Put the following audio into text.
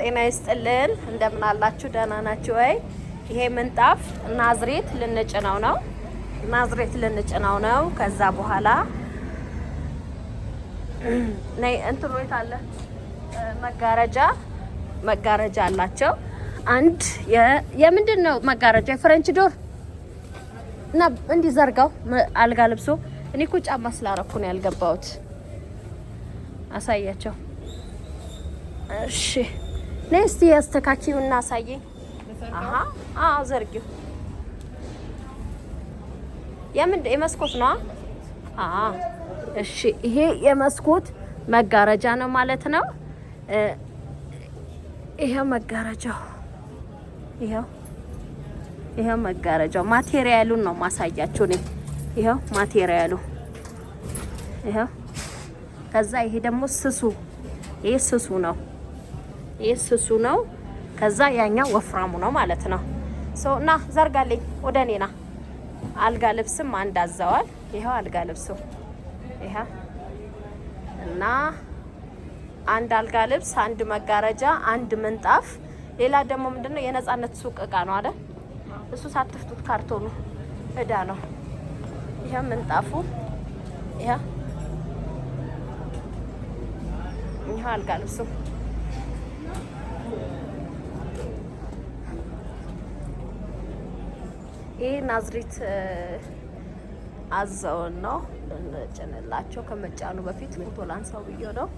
ጤና ይስጥልን። እንደምን አላችሁ? ደህና ናችሁ ወይ? ይሄ ምንጣፍ ናዝሬት ልንጭነው ነው። ናዝሬት ልንጭነው ነው። ከዛ በኋላ ነይ እንትን ሮይት አለ መጋረጃ መጋረጃ አላቸው። አንድ የምንድን ነው መጋረጃ የፍረንች ዶር እና እንዲህ ዘርጋው አልጋ ልብሶ። እኔ እኮ ጫማ ስላረኩ ነው ያልገባሁት። አሳያቸው። እሺ ነይ እስቲ ያስተካኪው እናሳየ አሳየኝ። አሃ አዎ፣ ዘርጊው። የምን የመስኮት ነው? አዎ፣ እሺ። ይሄ የመስኮት መጋረጃ ነው ማለት ነው። ይሄው መጋረጃው፣ ይሄው ይሄው መጋረጃው። ማቴሪያሉን ነው ማሳያችሁ እኔ። ይሄው ማቴሪያሉ፣ ይሄው። ከዛ ይሄ ደግሞ ስሱ፣ ይሄ ስሱ ነው። ይህ ስሱ ነው። ከዛ ያኛው ወፍራሙ ነው ማለት ነው። ሶ እና ዘርጋልኝ፣ ወደ እኔ ና። አልጋ ልብስም አንድ አዘዋል። ይኸው አልጋ ልብሱ ይሄ እና አንድ አልጋ ልብስ፣ አንድ መጋረጃ፣ አንድ ምንጣፍ። ሌላ ደግሞ ምንድነው የነጻነት ሱቅ እቃ ነው አይደል? እሱ ሳትፍቱት ካርቶኑ እዳ ነው። ይሄ ምንጣፉ ይሄ ይሄ አልጋ ልብሱ ይሄ ናዝሪት አዘውን ነው ልንጭንላቸው ከመጫኑ በፊት ፎቶ ላንሳው ብዬ ነው።